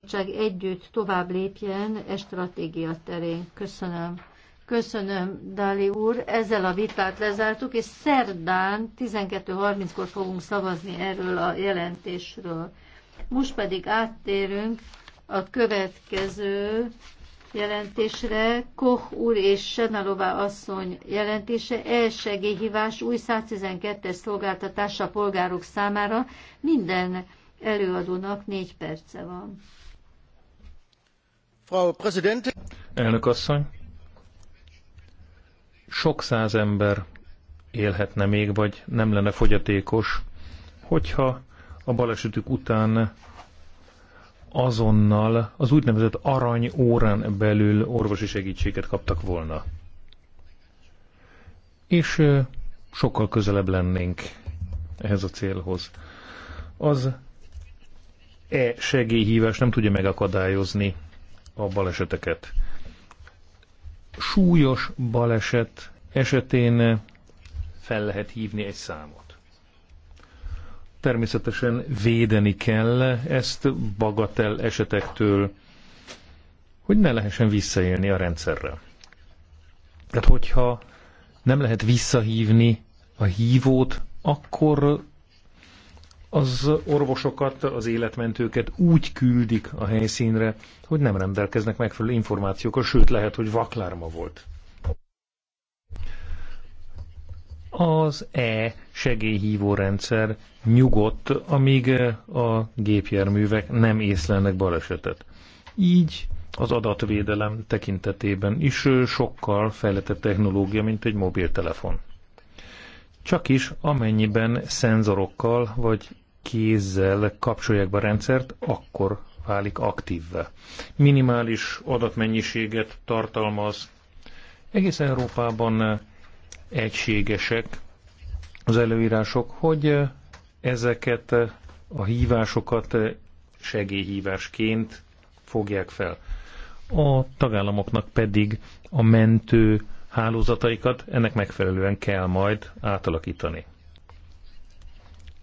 bizottság együtt tovább lépjen e stratégia terén. Köszönöm. Köszönöm, Dali úr. Ezzel a vitát lezártuk, és szerdán 12.30-kor fogunk szavazni erről a jelentésről. Most pedig áttérünk a következő jelentésre. Koch úr és Senalová asszony jelentése elsegélyhívás új 112-es szolgáltatása a polgárok számára minden előadónak négy perce van. Elnök asszony! Sok száz ember élhetne még, vagy nem lenne fogyatékos, hogyha a balesetük után azonnal az úgynevezett arany órán belül orvosi segítséget kaptak volna. És sokkal közelebb lennénk ehhez a célhoz. Az e segélyhívás nem tudja megakadályozni a baleseteket. Súlyos baleset esetén fel lehet hívni egy számot. Természetesen védeni kell ezt bagatel esetektől, hogy ne lehessen visszaélni a rendszerrel. Tehát hogyha nem lehet visszahívni a hívót, akkor az orvosokat, az életmentőket úgy küldik a helyszínre, hogy nem rendelkeznek megfelelő információkkal, sőt lehet, hogy vaklárma volt. Az E segélyhívó rendszer nyugodt, amíg a gépjárművek nem észlelnek balesetet. Így az adatvédelem tekintetében is sokkal fejlettebb technológia, mint egy mobiltelefon csak is amennyiben szenzorokkal vagy kézzel kapcsolják be a rendszert, akkor válik aktívve. Minimális adatmennyiséget tartalmaz. Egész Európában egységesek az előírások, hogy ezeket a hívásokat segélyhívásként fogják fel. A tagállamoknak pedig a mentő hálózataikat, ennek megfelelően kell majd átalakítani.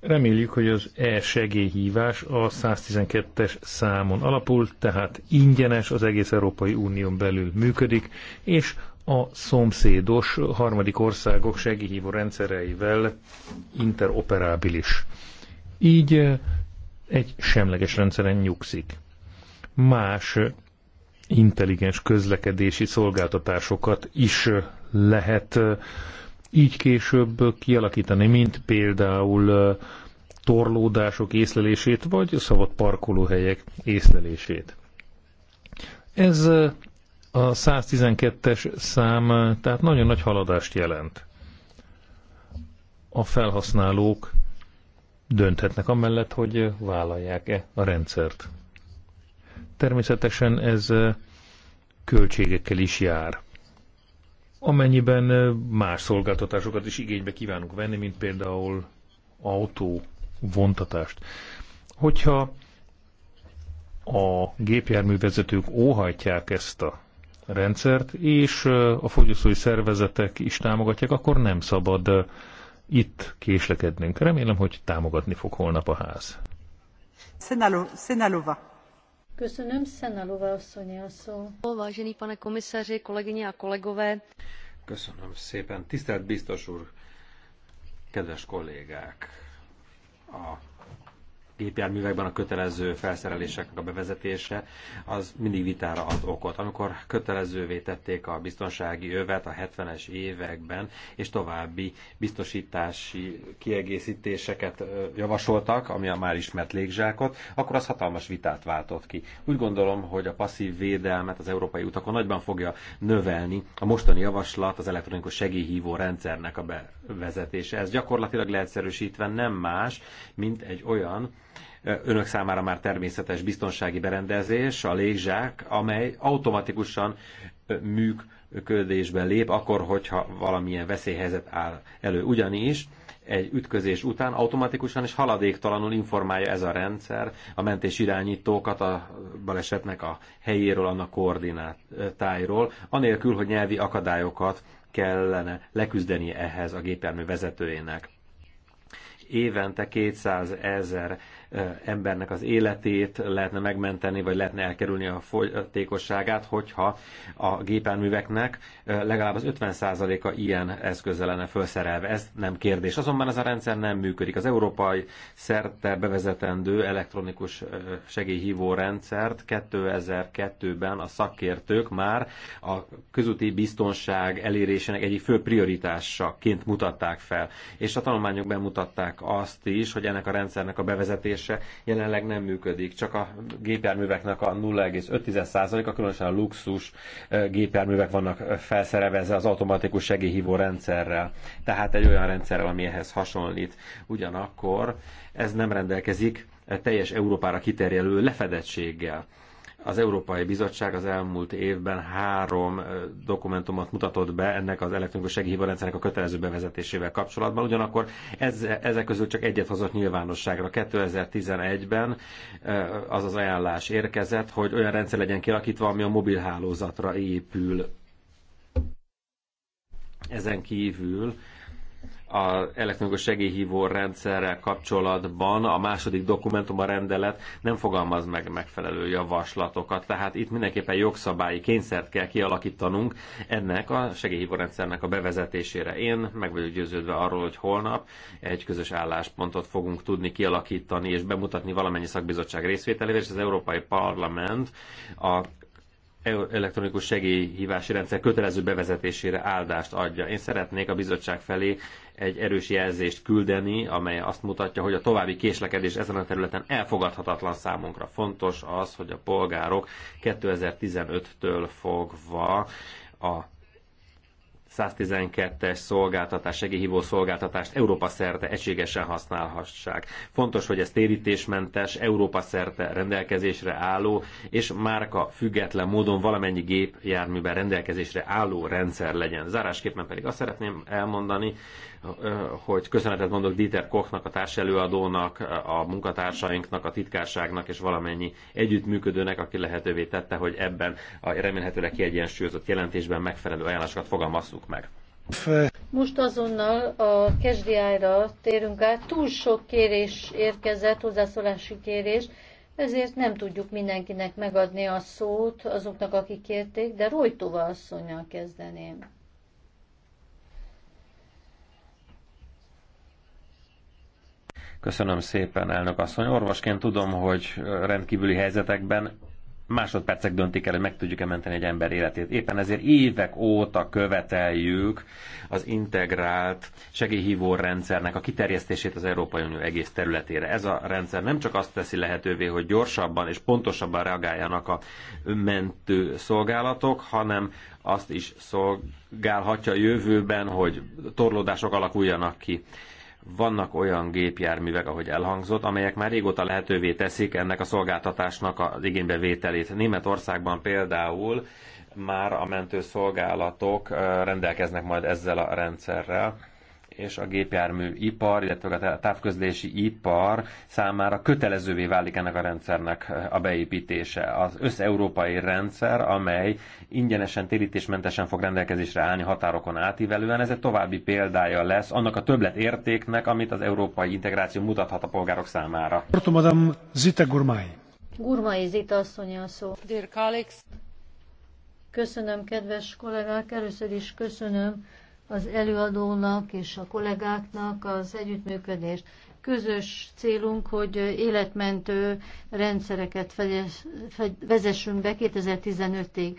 Reméljük, hogy az e-segélyhívás a 112-es számon alapul, tehát ingyenes az egész Európai Unión belül működik, és a szomszédos harmadik országok segélyhívó rendszereivel interoperábilis. Így eh, egy semleges rendszeren nyugszik. Más intelligens közlekedési szolgáltatásokat is lehet így később kialakítani, mint például torlódások észlelését, vagy szabad parkolóhelyek észlelését. Ez a 112-es szám tehát nagyon nagy haladást jelent. A felhasználók dönthetnek amellett, hogy vállalják-e a rendszert. Természetesen ez költségekkel is jár. Amennyiben más szolgáltatásokat is igénybe kívánunk venni, mint például autó vontatást. Hogyha a gépjárművezetők óhajtják ezt a rendszert, és a fogyasztói szervezetek is támogatják, akkor nem szabad itt késlekednünk. Remélem, hogy támogatni fog holnap a ház. Szenalova. Köszönöm, Szenalova asszony a szó. Vážený pane komisaři, kolegyně a kolegové. Köszönöm szépen. Tisztelt biztos úr, kedves kollégák, a gépjárművekben a kötelező felszereléseknek a bevezetése, az mindig vitára ad okot. Amikor kötelezővé tették a biztonsági övet a 70-es években, és további biztosítási kiegészítéseket javasoltak, ami a már ismert légzsákot, akkor az hatalmas vitát váltott ki. Úgy gondolom, hogy a passzív védelmet az európai utakon nagyban fogja növelni a mostani javaslat az elektronikus segélyhívó rendszernek a bevezetése. Ez gyakorlatilag leegyszerűsítve nem más, mint egy olyan, önök számára már természetes biztonsági berendezés, a légzsák, amely automatikusan működésbe lép, akkor, hogyha valamilyen veszélyhelyzet áll elő. Ugyanis egy ütközés után automatikusan és haladéktalanul informálja ez a rendszer a mentés irányítókat a balesetnek a helyéről, annak koordinátáiról, anélkül, hogy nyelvi akadályokat kellene leküzdeni ehhez a gépjármű vezetőjének évente 200 ezer embernek az életét lehetne megmenteni, vagy lehetne elkerülni a fogyatékosságát, hogyha a gépelműveknek legalább az 50%-a ilyen eszközzel lenne felszerelve. Ez nem kérdés. Azonban ez a rendszer nem működik. Az európai szerte bevezetendő elektronikus segélyhívó rendszert 2002-ben a szakértők már a közúti biztonság elérésének egyik fő prioritásaként mutatták fel. És a tanulmányok bemutatták azt is, hogy ennek a rendszernek a bevezetése csökkentése jelenleg nem működik. Csak a gépjárműveknek a 0,5%-a, különösen a luxus gépjárművek vannak felszerevezve az automatikus segélyhívó rendszerrel. Tehát egy olyan rendszerrel, ami ehhez hasonlít. Ugyanakkor ez nem rendelkezik teljes Európára kiterjedő lefedettséggel az Európai Bizottság az elmúlt évben három dokumentumot mutatott be ennek az elektronikus segélyhívórendszernek a kötelező bevezetésével kapcsolatban, ugyanakkor ez, ezek közül csak egyet hozott nyilvánosságra. 2011-ben az az ajánlás érkezett, hogy olyan rendszer legyen kialakítva, ami a mobilhálózatra épül. Ezen kívül az elektronikus segélyhívó rendszerrel kapcsolatban a második dokumentum a rendelet nem fogalmaz meg megfelelő javaslatokat. Tehát itt mindenképpen jogszabályi kényszert kell kialakítanunk ennek a segélyhívó rendszernek a bevezetésére. Én meg vagyok győződve arról, hogy holnap egy közös álláspontot fogunk tudni kialakítani és bemutatni valamennyi szakbizottság részvételével, és az Európai Parlament a elektronikus segélyhívási rendszer kötelező bevezetésére áldást adja. Én szeretnék a bizottság felé egy erős jelzést küldeni, amely azt mutatja, hogy a további késlekedés ezen a területen elfogadhatatlan számunkra. Fontos az, hogy a polgárok 2015-től fogva a 112-es szolgáltatás, segélyhívó szolgáltatást Európa szerte egységesen használhassák. Fontos, hogy ez térítésmentes, Európa szerte rendelkezésre álló és márka független módon valamennyi gépjárműben rendelkezésre álló rendszer legyen. Zárásképpen pedig azt szeretném elmondani, hogy köszönetet mondok Dieter Kochnak, a társelőadónak, a munkatársainknak, a titkárságnak és valamennyi együttműködőnek, aki lehetővé tette, hogy ebben a remélhetőleg kiegyensúlyozott jelentésben megfelelő ajánlásokat fogalmazzuk meg. Most azonnal a kesdiájra térünk át. Túl sok kérés érkezett, hozzászólási kérés, ezért nem tudjuk mindenkinek megadni a szót azoknak, akik kérték, de Rojtova asszonynal kezdeném. Köszönöm szépen, elnök asszony. Orvosként tudom, hogy rendkívüli helyzetekben másodpercek döntik el, hogy meg tudjuk-e menteni egy ember életét. Éppen ezért évek óta követeljük az integrált segélyhívó rendszernek a kiterjesztését az Európai Unió egész területére. Ez a rendszer nem csak azt teszi lehetővé, hogy gyorsabban és pontosabban reagáljanak a mentő szolgálatok, hanem azt is szolgálhatja a jövőben, hogy torlódások alakuljanak ki vannak olyan gépjárművek, ahogy elhangzott, amelyek már régóta lehetővé teszik ennek a szolgáltatásnak az igénybevételét. Németországban például már a mentőszolgálatok eh, rendelkeznek majd ezzel a rendszerrel és a gépjármű ipar, illetve a távközlési ipar számára kötelezővé válik ennek a rendszernek a beépítése. Az összeurópai rendszer, amely ingyenesen, térítésmentesen fog rendelkezésre állni határokon átívelően, ez egy további példája lesz annak a többlet értéknek, amit az európai integráció mutathat a polgárok számára. Madame Zita Gurmai. Gurmai Zita asszony a szó. Dear colleagues. Köszönöm, kedves kollégák, először is köszönöm az előadónak és a kollégáknak az együttműködést. Közös célunk, hogy életmentő rendszereket vezessünk be 2015-ig.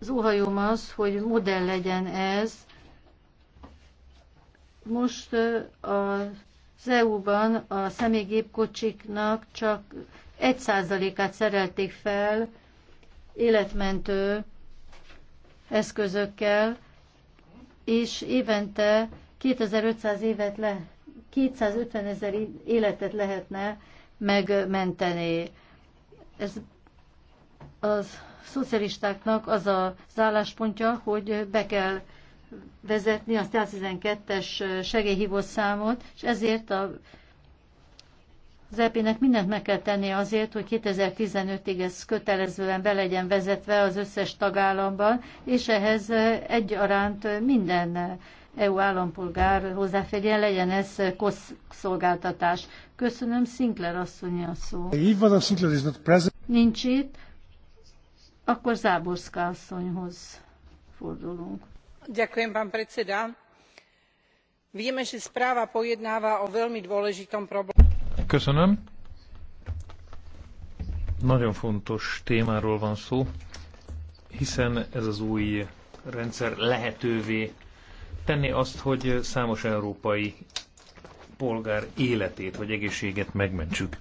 Az óhajom az, hogy modell legyen ez. Most az EU-ban a személygépkocsiknak csak 1%-át szerelték fel életmentő eszközökkel, és évente 2500 évet le, 250 ezer életet lehetne megmenteni. Ez a szocialistáknak az az álláspontja, hogy be kell vezetni a 112-es segélyhívószámot, számot, és ezért a az ep mindent meg kell tenni azért, hogy 2015-ig ez kötelezően be legyen vezetve az összes tagállamban, és ehhez egyaránt minden EU állampolgár hozzáférjen, legyen ez kosz szolgáltatás. Köszönöm, Sinclair asszony a szó. Nincs itt, akkor Záborszka asszonyhoz fordulunk. Ďakujem, pán predseda. Vieme, že správa pojednáva o veľmi dôležitom problému. Köszönöm. Nagyon fontos témáról van szó, hiszen ez az új rendszer lehetővé tenni azt, hogy számos európai polgár életét vagy egészséget megmentsük.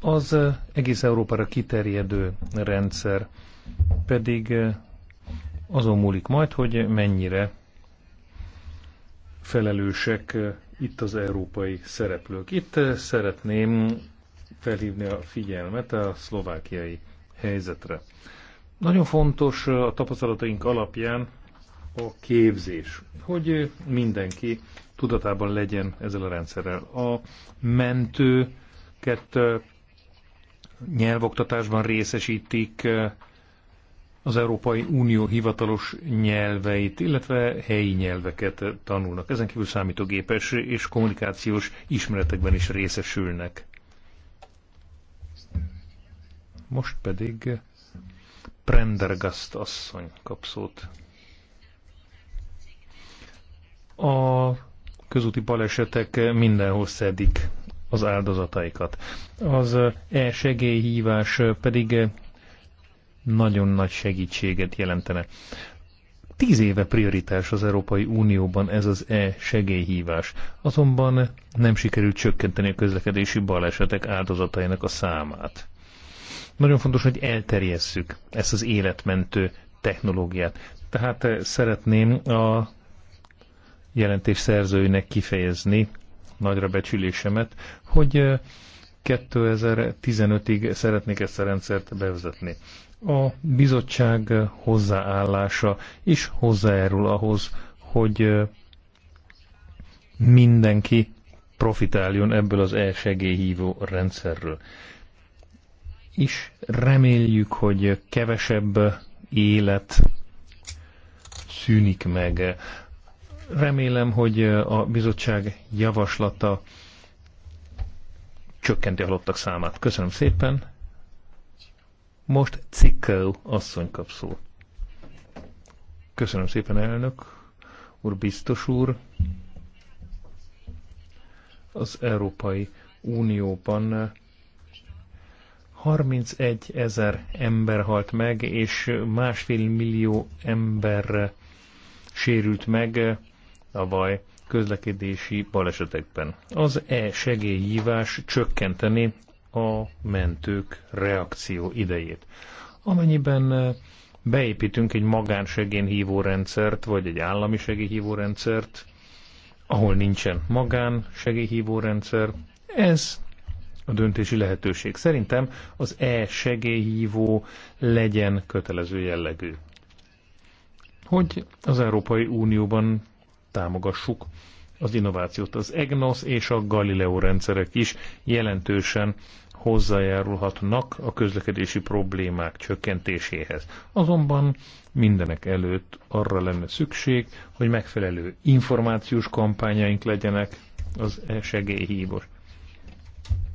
Az egész Európára kiterjedő rendszer pedig azon múlik majd, hogy mennyire felelősek itt az európai szereplők. Itt eh, szeretném felhívni a figyelmet a szlovákiai helyzetre. Nagyon fontos eh, a tapasztalataink alapján a képzés, hogy eh, mindenki tudatában legyen ezzel a rendszerrel. A mentőket nyelvoktatásban részesítik, az Európai Unió hivatalos nyelveit, illetve helyi nyelveket tanulnak. Ezen kívül számítógépes és kommunikációs ismeretekben is részesülnek. Most pedig Prendergast asszony kap szót. A közúti balesetek mindenhol szedik az áldozataikat. Az e-segélyhívás pedig nagyon nagy segítséget jelentene. Tíz éve prioritás az Európai Unióban ez az e-segélyhívás, azonban nem sikerült csökkenteni a közlekedési balesetek áldozatainak a számát. Nagyon fontos, hogy elterjesszük ezt az életmentő technológiát. Tehát eh, szeretném a jelentés szerzőinek kifejezni nagyra becsülésemet, hogy 2015-ig eh, szeretnék ezt a rendszert bevezetni. A bizottság hozzáállása is hozzájárul ahhoz, hogy mindenki profitáljon ebből az elsegélyhívó rendszerről. És reméljük, hogy kevesebb élet szűnik meg. Remélem, hogy a bizottság javaslata csökkenti a halottak számát. Köszönöm szépen! Most Cikkel asszony kap szó. Köszönöm szépen, elnök úr, biztos úr. Az Európai Unióban 31 ezer ember halt meg, és másfél millió ember sérült meg a baj közlekedési balesetekben. Az e-segélyhívás csökkenteni a mentők reakció idejét. Amennyiben beépítünk egy magánsegélyhívó rendszert, vagy egy állami segélyhívó rendszert, ahol nincsen magán segélyhívó rendszer, ez a döntési lehetőség. Szerintem az e-segélyhívó legyen kötelező jellegű. Hogy az Európai Unióban támogassuk az innovációt. Az EGNOS és a Galileo rendszerek is jelentősen hozzájárulhatnak a közlekedési problémák csökkentéséhez. Azonban mindenek előtt arra lenne szükség, hogy megfelelő információs kampányaink legyenek az segélyhívos.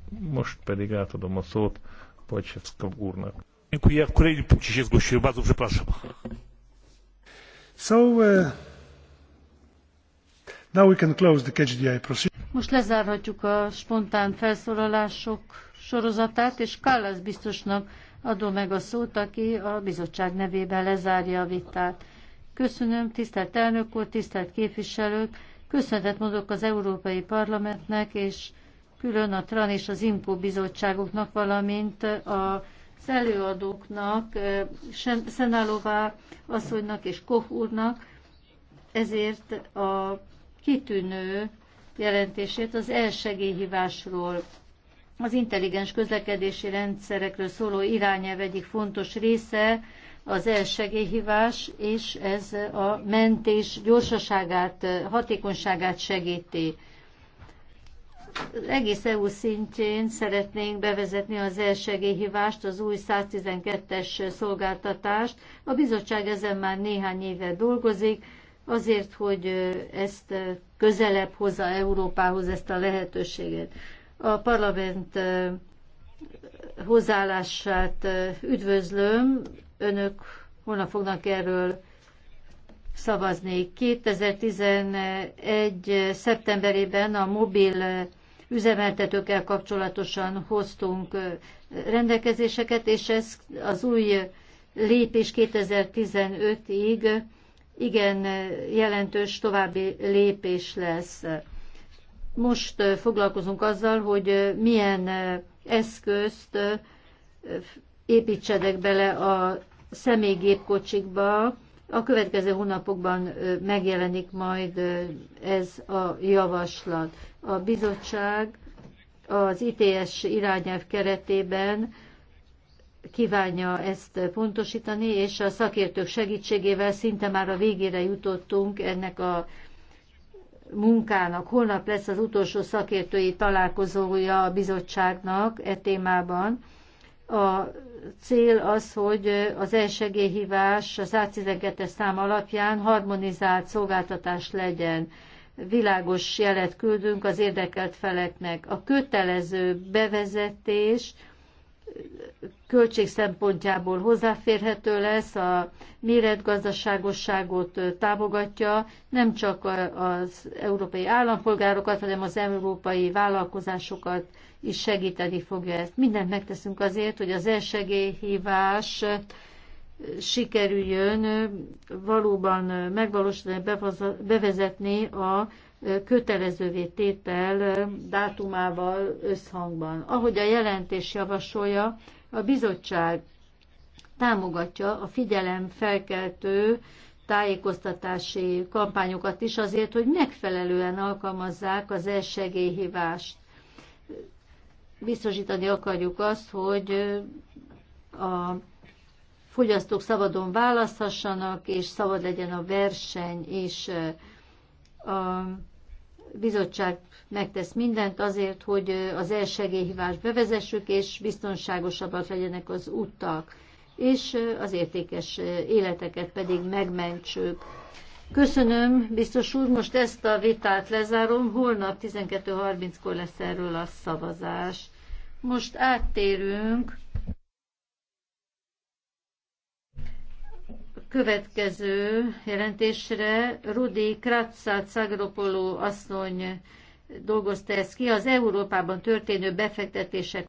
Most pedig átadom a szót Pajcsevszka úrnak. So, uh, now we can close the catch Most lezárhatjuk a spontán felszólalások sorozatát, és Kallas biztosnak adom meg a szót, aki a bizottság nevében lezárja a vitát. Köszönöm, tisztelt elnök úr, tisztelt képviselők, köszönetet mondok az Európai Parlamentnek, és külön a TRAN és az IMPO bizottságoknak, valamint a az előadóknak, Szenálová asszonynak és Koch úrnak, ezért a kitűnő jelentését az elsegélyhívásról az intelligens közlekedési rendszerekről szóló irányelv egyik fontos része az elsegélyhívás, és ez a mentés gyorsaságát, hatékonyságát segíti. Egész EU szintjén szeretnénk bevezetni az elsegélyhívást, az új 112-es szolgáltatást. A bizottság ezen már néhány éve dolgozik, azért, hogy ezt közelebb hozza Európához ezt a lehetőséget a parlament hozzáállását üdvözlöm. Önök holnap fognak erről szavazni. 2011. szeptemberében a mobil üzemeltetőkkel kapcsolatosan hoztunk rendelkezéseket, és ez az új lépés 2015-ig igen jelentős további lépés lesz most foglalkozunk azzal, hogy milyen eszközt építsenek bele a személygépkocsikba. A következő hónapokban megjelenik majd ez a javaslat. A bizottság az ITS irányelv keretében kívánja ezt pontosítani, és a szakértők segítségével szinte már a végére jutottunk ennek a munkának. Holnap lesz az utolsó szakértői találkozója a bizottságnak e témában. A cél az, hogy az elsegélyhívás a 112-es szám alapján harmonizált szolgáltatás legyen. Világos jelet küldünk az érdekelt feleknek. A kötelező bevezetés költség szempontjából hozzáférhető lesz, a méretgazdaságosságot támogatja, nem csak az európai állampolgárokat, hanem az európai vállalkozásokat is segíteni fogja ezt. Mindent megteszünk azért, hogy az elsegélyhívás sikerüljön valóban megvalósítani, bevezetni a kötelezővé tétel dátumával összhangban. Ahogy a jelentés javasolja, a bizottság támogatja a felkeltő tájékoztatási kampányokat is azért, hogy megfelelően alkalmazzák az elsegélyhívást. Biztosítani akarjuk azt, hogy a fogyasztók szabadon választhassanak, és szabad legyen a verseny, és a bizottság megtesz mindent azért, hogy az elsegélyhívást bevezessük, és biztonságosabbak legyenek az utak, és az értékes életeket pedig megmentsük. Köszönöm, biztos úr, most ezt a vitát lezárom, holnap 12.30-kor lesz erről a szavazás. Most áttérünk következő jelentésre Rudi Kratza Cagropoló asszony dolgozta ezt ki, az Európában történő befektetések